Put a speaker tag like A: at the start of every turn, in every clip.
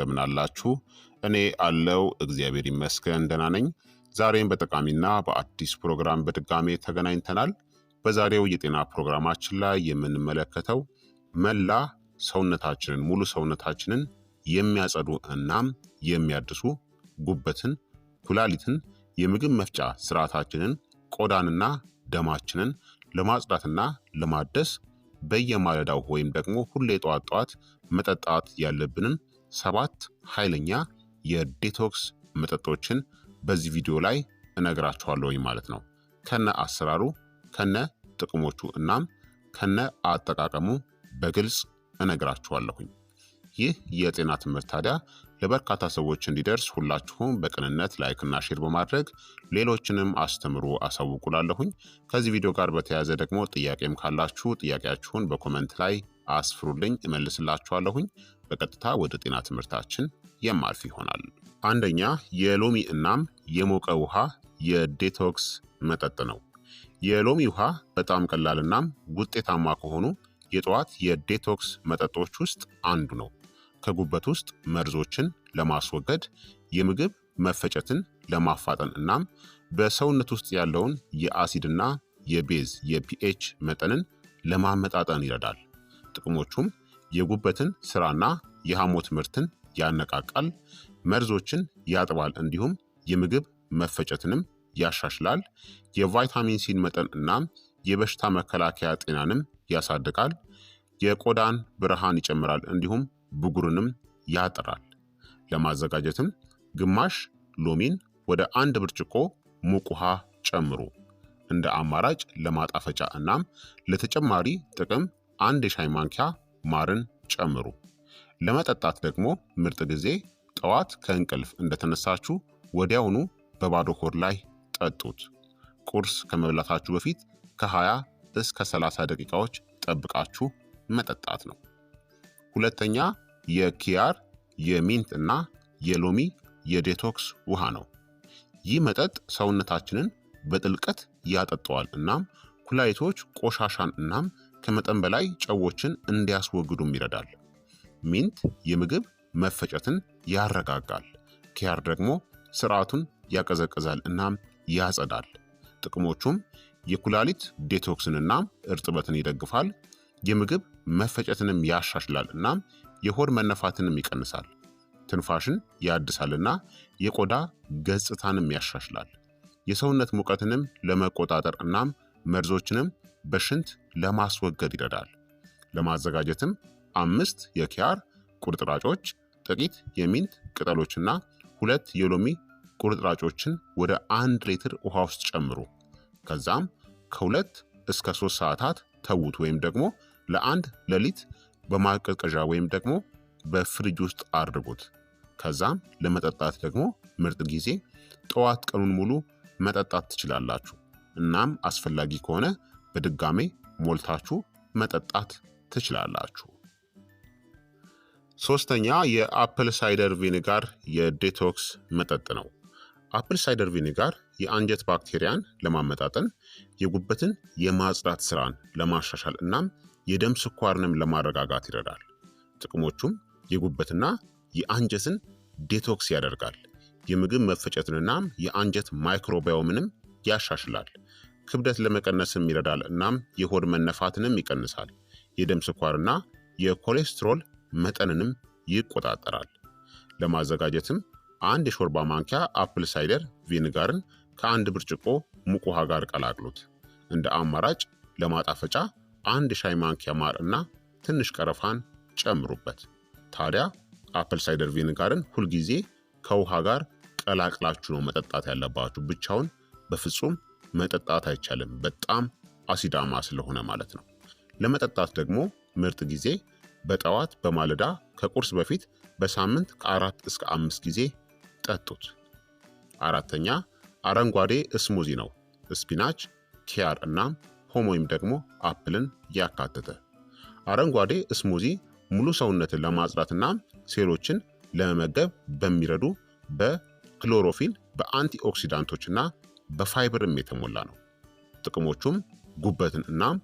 A: እንደምን አላችሁ? እኔ አለው እግዚአብሔር ይመስገን ደህና ነኝ። ዛሬም በጠቃሚና በአዲስ ፕሮግራም በድጋሜ ተገናኝተናል። በዛሬው የጤና ፕሮግራማችን ላይ የምንመለከተው መላ ሰውነታችንን ሙሉ ሰውነታችንን የሚያጸዱ እናም የሚያድሱ ጉበትን፣ ኩላሊትን፣ የምግብ መፍጫ ስርዓታችንን፣ ቆዳንና ደማችንን ለማጽዳትና ለማደስ በየማለዳው ወይም ደግሞ ሁሌ ጠዋት ጠዋት መጠጣት ያለብንን ሰባት ኃይለኛ የዴቶክስ መጠጦችን በዚህ ቪዲዮ ላይ እነግራችኋለሁኝ ማለት ነው። ከነ አሰራሩ፣ ከነ ጥቅሞቹ እናም ከነ አጠቃቀሙ በግልጽ እነግራችኋለሁኝ። ይህ የጤና ትምህርት ታዲያ ለበርካታ ሰዎች እንዲደርስ ሁላችሁም በቅንነት ላይክና ሼር በማድረግ ሌሎችንም አስተምሩ አሳውቁላለሁኝ። ከዚህ ቪዲዮ ጋር በተያያዘ ደግሞ ጥያቄም ካላችሁ ጥያቄያችሁን በኮመንት ላይ አስፍሩልኝ እመልስላችኋለሁኝ። በቀጥታ ወደ ጤና ትምህርታችን የማልፍ ይሆናል። አንደኛ የሎሚ እናም የሞቀ ውሃ የዴቶክስ መጠጥ ነው። የሎሚ ውሃ በጣም ቀላል እናም ውጤታማ ከሆኑ የጠዋት የዴቶክስ መጠጦች ውስጥ አንዱ ነው። ከጉበት ውስጥ መርዞችን ለማስወገድ የምግብ መፈጨትን ለማፋጠን እናም በሰውነት ውስጥ ያለውን የአሲድና የቤዝ የፒኤች መጠንን ለማመጣጠን ይረዳል። ጥቅሞቹም የጉበትን ስራና የሐሞት ምርትን ያነቃቃል፣ መርዞችን ያጥባል፣ እንዲሁም የምግብ መፈጨትንም ያሻሽላል። የቫይታሚን ሲን መጠን እናም የበሽታ መከላከያ ጤናንም ያሳድጋል። የቆዳን ብርሃን ይጨምራል፣ እንዲሁም ብጉርንም ያጠራል። ለማዘጋጀትም ግማሽ ሎሚን ወደ አንድ ብርጭቆ ሙቅ ውሃ ጨምሩ። እንደ አማራጭ ለማጣፈጫ እናም ለተጨማሪ ጥቅም አንድ የሻይ ማንኪያ ማርን ጨምሩ። ለመጠጣት ደግሞ ምርጥ ጊዜ ጠዋት ከእንቅልፍ እንደተነሳችሁ ወዲያውኑ በባዶ ሆድ ላይ ጠጡት። ቁርስ ከመብላታችሁ በፊት ከ20 እስከ 30 ደቂቃዎች ጠብቃችሁ መጠጣት ነው። ሁለተኛ የኪያር የሚንት እና የሎሚ የዴቶክስ ውሃ ነው። ይህ መጠጥ ሰውነታችንን በጥልቀት ያጠጠዋል እናም ኩላይቶች ቆሻሻን እናም ከመጠን በላይ ጨዎችን እንዲያስወግዱም ይረዳል። ሚንት የምግብ መፈጨትን ያረጋጋል። ኪያር ደግሞ ስርዓቱን ያቀዘቅዛል እናም ያጸዳል። ጥቅሞቹም የኩላሊት ዴቶክስንና እርጥበትን ይደግፋል። የምግብ መፈጨትንም ያሻሽላል እናም የሆድ መነፋትንም ይቀንሳል። ትንፋሽን ያድሳልና የቆዳ ገጽታንም ያሻሽላል። የሰውነት ሙቀትንም ለመቆጣጠር እናም መርዞችንም በሽንት ለማስወገድ ይረዳል። ለማዘጋጀትም አምስት የኪያር ቁርጥራጮች፣ ጥቂት የሚንት ቅጠሎችና ሁለት የሎሚ ቁርጥራጮችን ወደ አንድ ሊትር ውሃ ውስጥ ጨምሩ። ከዛም ከሁለት እስከ ሶስት ሰዓታት ተዉት ወይም ደግሞ ለአንድ ሌሊት በማቀዝቀዣ ወይም ደግሞ በፍሪጅ ውስጥ አድርጉት። ከዛም ለመጠጣት ደግሞ ምርጥ ጊዜ ጠዋት ቀኑን ሙሉ መጠጣት ትችላላችሁ። እናም አስፈላጊ ከሆነ በድጋሜ ሞልታችሁ መጠጣት ትችላላችሁ። ሶስተኛ የአፕል ሳይደር ቪኒጋር የዴቶክስ መጠጥ ነው። አፕል ሳይደር ቪኒጋር የአንጀት ባክቴሪያን ለማመጣጠን የጉበትን የማጽዳት ስራን ለማሻሻል እናም የደም ስኳርንም ለማረጋጋት ይረዳል። ጥቅሞቹም የጉበትና የአንጀትን ዴቶክስ ያደርጋል። የምግብ መፈጨትንናም የአንጀት ማይክሮባዮምንም ያሻሽላል። ክብደት ለመቀነስም ይረዳል እናም የሆድ መነፋትንም ይቀንሳል። የደም ስኳርና የኮሌስትሮል መጠንንም ይቆጣጠራል። ለማዘጋጀትም አንድ የሾርባ ማንኪያ አፕል ሳይደር ቪኒጋርን ከአንድ ብርጭቆ ሙቅ ውሃ ጋር ቀላቅሉት። እንደ አማራጭ ለማጣፈጫ አንድ ሻይ ማንኪያ ማር እና ትንሽ ቀረፋን ጨምሩበት። ታዲያ አፕል ሳይደር ቪኒጋርን ሁልጊዜ ከውሃ ጋር ቀላቅላችሁ ነው መጠጣት ያለባችሁ። ብቻውን በፍጹም መጠጣት አይቻልም፣ በጣም አሲዳማ ስለሆነ ማለት ነው። ለመጠጣት ደግሞ ምርጥ ጊዜ በጠዋት በማለዳ ከቁርስ በፊት በሳምንት ከአራት እስከ አምስት ጊዜ ጠጡት። አራተኛ አረንጓዴ እስሙዚ ነው። ስፒናች፣ ኪያር እናም ፖም ወይም ደግሞ አፕልን ያካተተ አረንጓዴ እስሙዚ ሙሉ ሰውነትን ለማጽዳትና ሴሎችን ለመመገብ በሚረዱ በክሎሮፊል በአንቲኦክሲዳንቶችና በፋይበርም የተሞላ ነው። ጥቅሞቹም ጉበትን እናም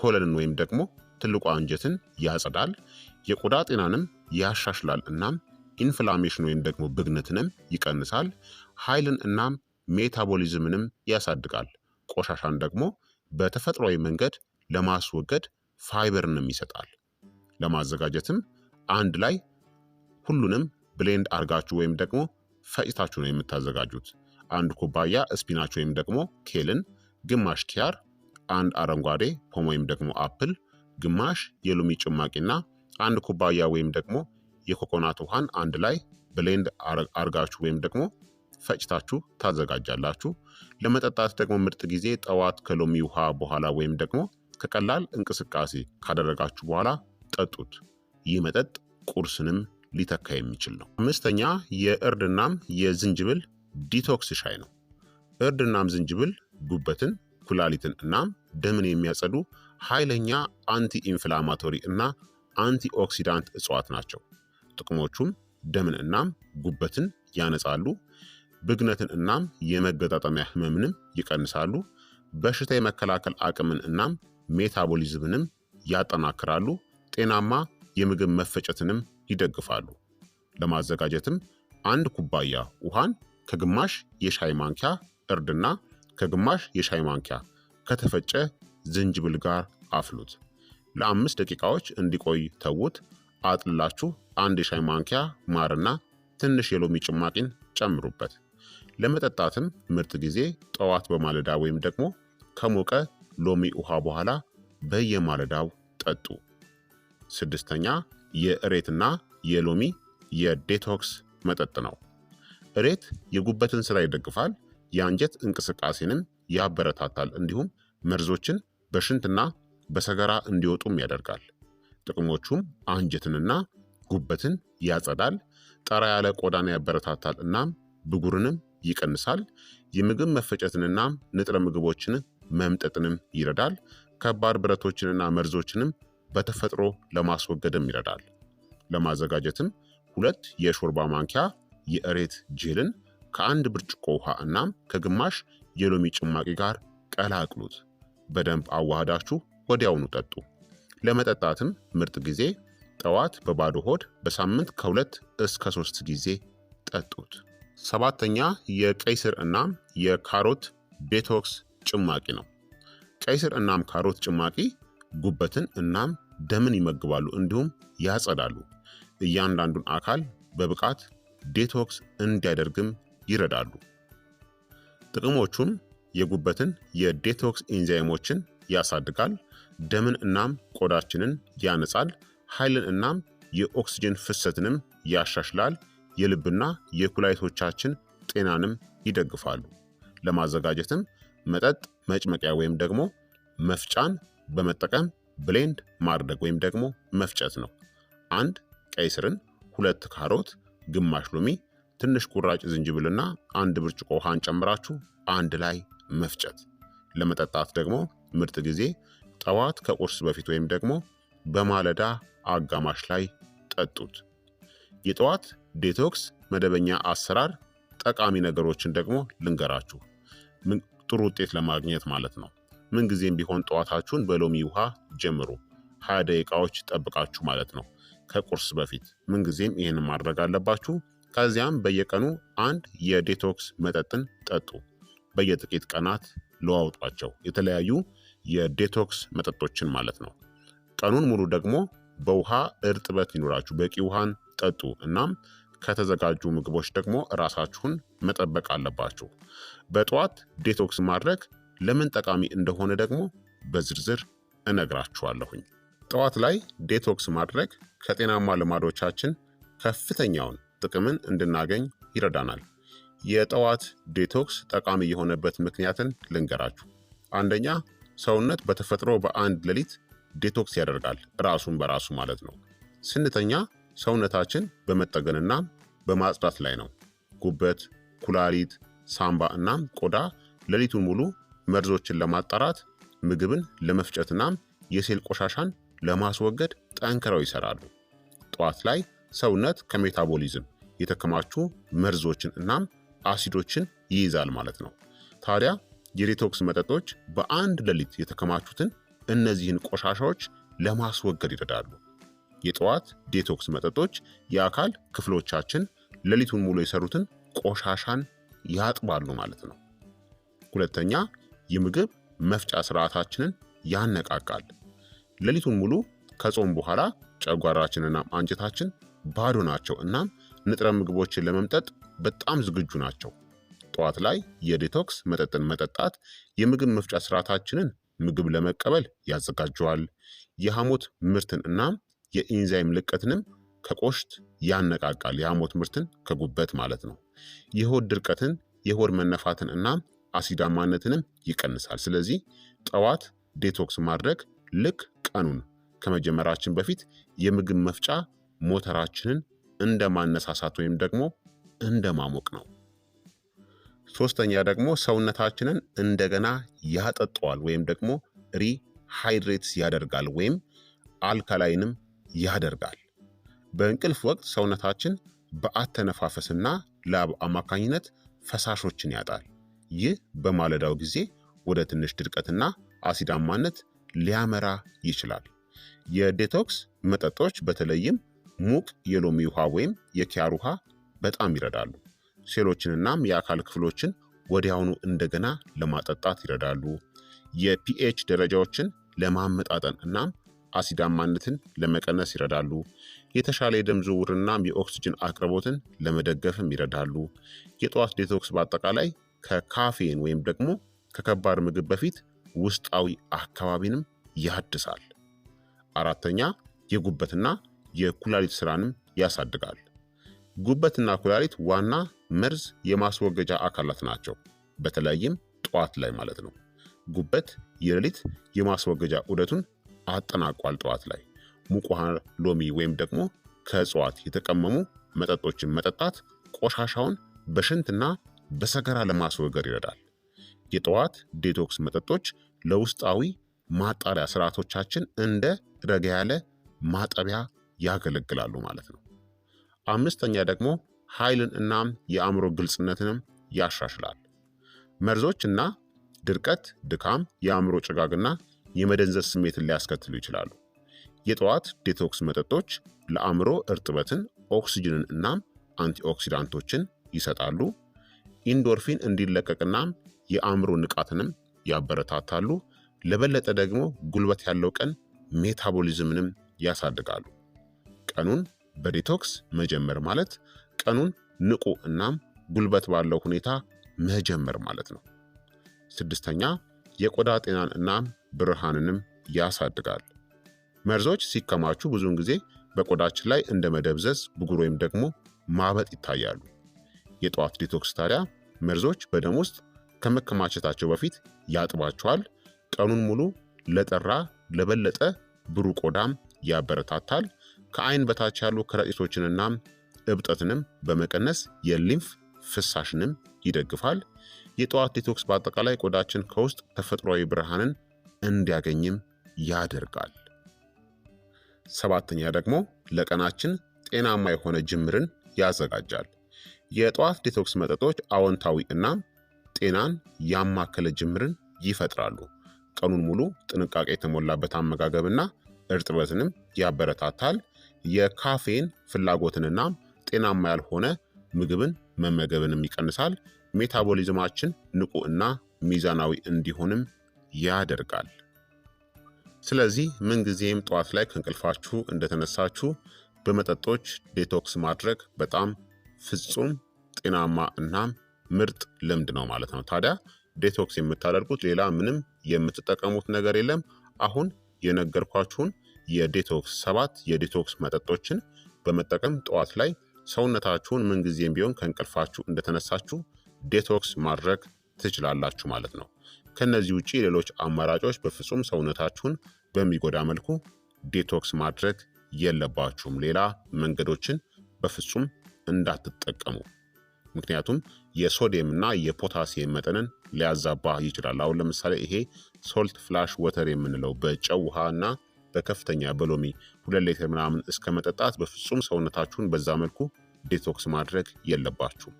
A: ኮለንን ወይም ደግሞ ትልቋ አንጀትን ያጸዳል፣ የቆዳ ጤናንም ያሻሽላል፣ እናም ኢንፍላሜሽን ወይም ደግሞ ብግነትንም ይቀንሳል፣ ኃይልን እናም ሜታቦሊዝምንም ያሳድጋል፣ ቆሻሻን ደግሞ በተፈጥሯዊ መንገድ ለማስወገድ ፋይበርንም ይሰጣል። ለማዘጋጀትም አንድ ላይ ሁሉንም ብሌንድ አርጋችሁ ወይም ደግሞ ፈጭታችሁ ነው የምታዘጋጁት። አንድ ኩባያ ስፒናች ወይም ደግሞ ኬልን፣ ግማሽ ኪያር፣ አንድ አረንጓዴ ፖም ወይም ደግሞ አፕል፣ ግማሽ የሎሚ ጭማቂና አንድ ኩባያ ወይም ደግሞ የኮኮናት ውሃን አንድ ላይ ብሌንድ አርጋችሁ ወይም ደግሞ ፈጭታችሁ ታዘጋጃላችሁ። ለመጠጣት ደግሞ ምርጥ ጊዜ ጠዋት ከሎሚ ውሃ በኋላ ወይም ደግሞ ከቀላል እንቅስቃሴ ካደረጋችሁ በኋላ ጠጡት። ይህ መጠጥ ቁርስንም ሊተካ የሚችል ነው። አምስተኛ የእርድናም የዝንጅብል ዲቶክስ ሻይ ነው። እርድ እናም ዝንጅብል ጉበትን፣ ኩላሊትን እናም ደምን የሚያጸዱ ኃይለኛ አንቲ ኢንፍላማቶሪ እና አንቲ ኦክሲዳንት እጽዋት ናቸው። ጥቅሞቹም ደምን እናም ጉበትን ያነጻሉ፣ ብግነትን እናም የመገጣጠሚያ ህመምንም ይቀንሳሉ፣ በሽታ የመከላከል አቅምን እናም ሜታቦሊዝምንም ያጠናክራሉ፣ ጤናማ የምግብ መፈጨትንም ይደግፋሉ። ለማዘጋጀትም አንድ ኩባያ ውሃን ከግማሽ የሻይ ማንኪያ እርድና ከግማሽ የሻይ ማንኪያ ከተፈጨ ዝንጅብል ጋር አፍሉት። ለአምስት ደቂቃዎች እንዲቆይ ተዉት። አጥልላችሁ አንድ የሻይ ማንኪያ ማርና ትንሽ የሎሚ ጭማቂን ጨምሩበት። ለመጠጣትም ምርጥ ጊዜ ጠዋት በማለዳ ወይም ደግሞ ከሞቀ ሎሚ ውሃ በኋላ በየማለዳው ጠጡ። ስድስተኛ የእሬትና የሎሚ የዴቶክስ መጠጥ ነው። እሬት የጉበትን ስራ ይደግፋል፣ የአንጀት እንቅስቃሴንም ያበረታታል፣ እንዲሁም መርዞችን በሽንትና በሰገራ እንዲወጡም ያደርጋል። ጥቅሞቹም አንጀትንና ጉበትን ያጸዳል፣ ጠራ ያለ ቆዳን ያበረታታል፣ እናም ብጉርንም ይቀንሳል። የምግብ መፈጨትንና ንጥረ ምግቦችን መምጠጥንም ይረዳል። ከባድ ብረቶችንና መርዞችንም በተፈጥሮ ለማስወገድም ይረዳል። ለማዘጋጀትም ሁለት የሾርባ ማንኪያ የእሬት ጄልን ከአንድ ብርጭቆ ውሃ እናም ከግማሽ የሎሚ ጭማቂ ጋር ቀላቅሉት። በደንብ አዋህዳችሁ ወዲያውኑ ጠጡ። ለመጠጣትም ምርጥ ጊዜ ጠዋት በባዶ ሆድ በሳምንት ከሁለት እስከ ሶስት ጊዜ ጠጡት። ሰባተኛ የቀይ ስር እናም የካሮት ቤቶክስ ጭማቂ ነው። ቀይ ስር እናም ካሮት ጭማቂ ጉበትን እናም ደምን ይመግባሉ እንዲሁም ያጸዳሉ። እያንዳንዱን አካል በብቃት ዴቶክስ እንዲያደርግም ይረዳሉ። ጥቅሞቹም የጉበትን የዴቶክስ ኢንዛይሞችን ያሳድጋል፣ ደምን እናም ቆዳችንን ያነጻል፣ ኃይልን እናም የኦክስጅን ፍሰትንም ያሻሽላል፣ የልብና የኩላሊቶቻችን ጤናንም ይደግፋሉ። ለማዘጋጀትም መጠጥ መጭመቂያ ወይም ደግሞ መፍጫን በመጠቀም ብሌንድ ማድረግ ወይም ደግሞ መፍጨት ነው። አንድ ቀይ ስርን፣ ሁለት ካሮት ግማሽ ሎሚ፣ ትንሽ ቁራጭ ዝንጅብልና አንድ ብርጭቆ ውሃን ጨምራችሁ አንድ ላይ መፍጨት። ለመጠጣት ደግሞ ምርጥ ጊዜ ጠዋት ከቁርስ በፊት ወይም ደግሞ በማለዳ አጋማሽ ላይ ጠጡት። የጠዋት ዴቶክስ መደበኛ አሰራር ጠቃሚ ነገሮችን ደግሞ ልንገራችሁ፣ ጥሩ ውጤት ለማግኘት ማለት ነው። ምንጊዜም ቢሆን ጠዋታችሁን በሎሚ ውሃ ጀምሩ፣ ሀያ ደቂቃዎች ጠብቃችሁ ማለት ነው። ከቁርስ በፊት ምንጊዜም ይህን ማድረግ አለባችሁ። ከዚያም በየቀኑ አንድ የዴቶክስ መጠጥን ጠጡ። በየጥቂት ቀናት ለዋውጧቸው፣ የተለያዩ የዴቶክስ መጠጦችን ማለት ነው። ቀኑን ሙሉ ደግሞ በውሃ እርጥበት ይኖራችሁ፣ በቂ ውሃን ጠጡ። እናም ከተዘጋጁ ምግቦች ደግሞ ራሳችሁን መጠበቅ አለባችሁ። በጠዋት ዴቶክስ ማድረግ ለምን ጠቃሚ እንደሆነ ደግሞ በዝርዝር እነግራችኋለሁኝ። ጠዋት ላይ ዴቶክስ ማድረግ ከጤናማ ልማዶቻችን ከፍተኛውን ጥቅምን እንድናገኝ ይረዳናል። የጠዋት ዴቶክስ ጠቃሚ የሆነበት ምክንያትን ልንገራችሁ። አንደኛ ሰውነት በተፈጥሮ በአንድ ሌሊት ዴቶክስ ያደርጋል፣ ራሱን በራሱ ማለት ነው። ስንተኛ ሰውነታችን በመጠገንና በማጽዳት ላይ ነው። ጉበት፣ ኩላሊት፣ ሳምባ እናም ቆዳ ሌሊቱን ሙሉ መርዞችን ለማጣራት ምግብን ለመፍጨትናም የሴል ቆሻሻን ለማስወገድ ጠንክረው ይሰራሉ። ጠዋት ላይ ሰውነት ከሜታቦሊዝም የተከማቹ መርዞችን እናም አሲዶችን ይይዛል ማለት ነው። ታዲያ የዴቶክስ መጠጦች በአንድ ሌሊት የተከማቹትን እነዚህን ቆሻሻዎች ለማስወገድ ይረዳሉ። የጠዋት ዴቶክስ መጠጦች የአካል ክፍሎቻችን ሌሊቱን ሙሉ የሰሩትን ቆሻሻን ያጥባሉ ማለት ነው። ሁለተኛ የምግብ መፍጫ ስርዓታችንን ያነቃቃል። ሌሊቱን ሙሉ ከጾም በኋላ ጨጓራችንና አንጀታችን ባዶ ናቸው። እናም ንጥረ ምግቦችን ለመምጠጥ በጣም ዝግጁ ናቸው። ጠዋት ላይ የዲቶክስ መጠጥን መጠጣት የምግብ መፍጫ ስርዓታችንን ምግብ ለመቀበል ያዘጋጀዋል። የሐሞት ምርትን እናም የኢንዛይም ልቀትንም ከቆሽት ያነቃቃል። የሐሞት ምርትን ከጉበት ማለት ነው። የሆድ ድርቀትን፣ የሆድ መነፋትን እናም አሲዳማነትንም ይቀንሳል። ስለዚህ ጠዋት ዴቶክስ ማድረግ ልክ ቀኑን ከመጀመራችን በፊት የምግብ መፍጫ ሞተራችንን እንደ ማነሳሳት ወይም ደግሞ እንደ ማሞቅ ነው። ሶስተኛ ደግሞ ሰውነታችንን እንደገና ያጠጠዋል ወይም ደግሞ ሪሃይድሬትስ ያደርጋል ወይም አልካላይንም ያደርጋል። በእንቅልፍ ወቅት ሰውነታችን በአተነፋፈስና ላብ አማካኝነት ፈሳሾችን ያጣል። ይህ በማለዳው ጊዜ ወደ ትንሽ ድርቀትና አሲዳማነት ሊያመራ ይችላል። የዴቶክስ መጠጦች በተለይም ሙቅ የሎሚ ውሃ ወይም የኪያር ውሃ በጣም ይረዳሉ። ሴሎችንናም የአካል ክፍሎችን ወዲያውኑ እንደገና ለማጠጣት ይረዳሉ። የፒኤች ደረጃዎችን ለማመጣጠን እናም አሲዳማነትን ለመቀነስ ይረዳሉ። የተሻለ የደም ዝውውርናም የኦክስጅን አቅርቦትን ለመደገፍም ይረዳሉ። የጠዋት ዴቶክስ በአጠቃላይ ከካፌን ወይም ደግሞ ከከባድ ምግብ በፊት ውስጣዊ አካባቢንም ያድሳል። አራተኛ የጉበትና የኩላሊት ስራንም ያሳድጋል። ጉበትና ኩላሊት ዋና መርዝ የማስወገጃ አካላት ናቸው። በተለይም ጠዋት ላይ ማለት ነው። ጉበት የሌሊት የማስወገጃ ዑደቱን አጠናቋል። ጠዋት ላይ ሙቅ ውሃ፣ ሎሚ ወይም ደግሞ ከእጽዋት የተቀመሙ መጠጦችን መጠጣት ቆሻሻውን በሽንትና በሰገራ ለማስወገድ ይረዳል። የጠዋት ዴቶክስ መጠጦች ለውስጣዊ ማጣሪያ ስርዓቶቻችን እንደ ረጋ ያለ ማጠቢያ ያገለግላሉ ማለት ነው። አምስተኛ ደግሞ ኃይልን እናም የአእምሮ ግልጽነትንም ያሻሽላል። መርዞችና ድርቀት፣ ድካም፣ የአእምሮ ጭጋግና የመደንዘዝ ስሜትን ሊያስከትሉ ይችላሉ። የጠዋት ዴቶክስ መጠጦች ለአእምሮ እርጥበትን፣ ኦክስጅንን እናም አንቲኦክሲዳንቶችን ይሰጣሉ። ኢንዶርፊን እንዲለቀቅናም የአእምሮ ንቃትንም ያበረታታሉ። ለበለጠ ደግሞ ጉልበት ያለው ቀን ሜታቦሊዝምንም ያሳድጋሉ። ቀኑን በዲቶክስ መጀመር ማለት ቀኑን ንቁ እናም ጉልበት ባለው ሁኔታ መጀመር ማለት ነው። ስድስተኛ የቆዳ ጤናን እናም ብርሃንንም ያሳድጋል። መርዞች ሲከማቹ ብዙውን ጊዜ በቆዳችን ላይ እንደ መደብዘዝ፣ ብጉር ወይም ደግሞ ማበጥ ይታያሉ። የጠዋት ዲቶክስ ታዲያ መርዞች በደም ውስጥ ከመከማቸታቸው በፊት ያጥባቸዋል፣ ቀኑን ሙሉ ለጠራ ለበለጠ ብሩህ ቆዳም ያበረታታል። ከአይን በታች ያሉ ከረጢቶችንና እብጠትንም በመቀነስ የሊምፍ ፍሳሽንም ይደግፋል። የጠዋት ዲቶክስ በአጠቃላይ ቆዳችን ከውስጥ ተፈጥሯዊ ብርሃንን እንዲያገኝም ያደርጋል። ሰባተኛ ደግሞ ለቀናችን ጤናማ የሆነ ጅምርን ያዘጋጃል። የጠዋት ዲቶክስ መጠጦች አዎንታዊ እና ጤናን ያማከለ ጅምርን ይፈጥራሉ። ቀኑን ሙሉ ጥንቃቄ የተሞላበት አመጋገብና እርጥበትንም ያበረታታል። የካፌን ፍላጎትንና ጤናማ ያልሆነ ምግብን መመገብንም ይቀንሳል። ሜታቦሊዝማችን ንቁ እና ሚዛናዊ እንዲሆንም ያደርጋል። ስለዚህ ምንጊዜም ጠዋት ላይ ከእንቅልፋችሁ እንደተነሳችሁ በመጠጦች ዴቶክስ ማድረግ በጣም ፍጹም ጤናማ እናም ምርጥ ልምድ ነው ማለት ነው ታዲያ ዴቶክስ የምታደርጉት ሌላ ምንም የምትጠቀሙት ነገር የለም። አሁን የነገርኳችሁን የዴቶክስ ሰባት የዴቶክስ መጠጦችን በመጠቀም ጠዋት ላይ ሰውነታችሁን ምንጊዜም ቢሆን ከእንቅልፋችሁ እንደተነሳችሁ ዴቶክስ ማድረግ ትችላላችሁ ማለት ነው። ከነዚህ ውጭ ሌሎች አማራጮች በፍጹም ሰውነታችሁን በሚጎዳ መልኩ ዴቶክስ ማድረግ የለባችሁም። ሌላ መንገዶችን በፍጹም እንዳትጠቀሙ። ምክንያቱም የሶዲየምና የፖታሲየም መጠንን ሊያዛባ ይችላል። አሁን ለምሳሌ ይሄ ሶልት ፍላሽ ወተር የምንለው በጨው ውሃ እና በከፍተኛ በሎሚ ሁለት ሌትር ምናምን እስከ መጠጣት በፍጹም ሰውነታችሁን በዛ መልኩ ዴቶክስ ማድረግ የለባችሁም።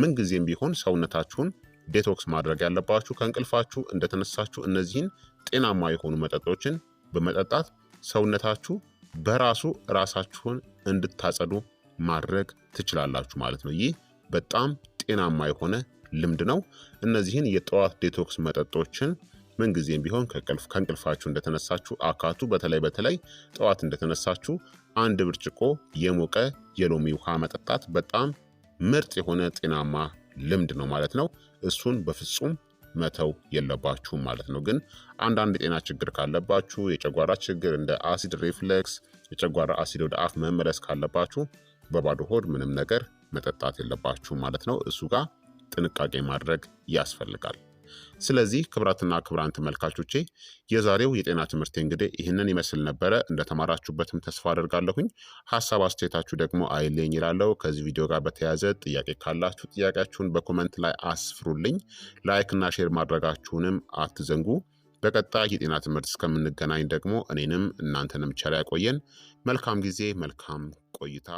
A: ምንጊዜም ቢሆን ሰውነታችሁን ዴቶክስ ማድረግ ያለባችሁ ከእንቅልፋችሁ እንደተነሳችሁ እነዚህን ጤናማ የሆኑ መጠጦችን በመጠጣት ሰውነታችሁ በራሱ ራሳችሁን እንድታጸዱ ማድረግ ትችላላችሁ ማለት ነው። ይህ በጣም ጤናማ የሆነ ልምድ ነው። እነዚህን የጠዋት ዴቶክስ መጠጦችን ምንጊዜም ቢሆን ከእንቅልፋችሁ እንደተነሳችሁ አካቱ። በተለይ በተለይ ጠዋት እንደተነሳችሁ አንድ ብርጭቆ የሞቀ የሎሚ ውሃ መጠጣት በጣም ምርጥ የሆነ ጤናማ ልምድ ነው ማለት ነው። እሱን በፍጹም መተው የለባችሁም ማለት ነው። ግን አንዳንድ የጤና ችግር ካለባችሁ የጨጓራ ችግር እንደ አሲድ ሪፍሌክስ፣ የጨጓራ አሲድ ወደ አፍ መመለስ ካለባችሁ በባዶ ሆድ ምንም ነገር መጠጣት የለባችሁ ማለት ነው። እሱ ጋር ጥንቃቄ ማድረግ ያስፈልጋል። ስለዚህ ክብራትና ክብራን ተመልካቾቼ የዛሬው የጤና ትምህርት እንግዲህ ይህንን ይመስል ነበረ። እንደተማራችሁበትም ተስፋ አደርጋለሁኝ። ሀሳብ አስተያየታችሁ ደግሞ አይለኝ ይላለው። ከዚህ ቪዲዮ ጋር በተያያዘ ጥያቄ ካላችሁ ጥያቄያችሁን በኮመንት ላይ አስፍሩልኝ። ላይክና ሼር ማድረጋችሁንም አትዘንጉ። በቀጣይ የጤና ትምህርት እስከምንገናኝ ደግሞ እኔንም እናንተንም ቸር ያቆየን። መልካም ጊዜ፣ መልካም ቆይታ።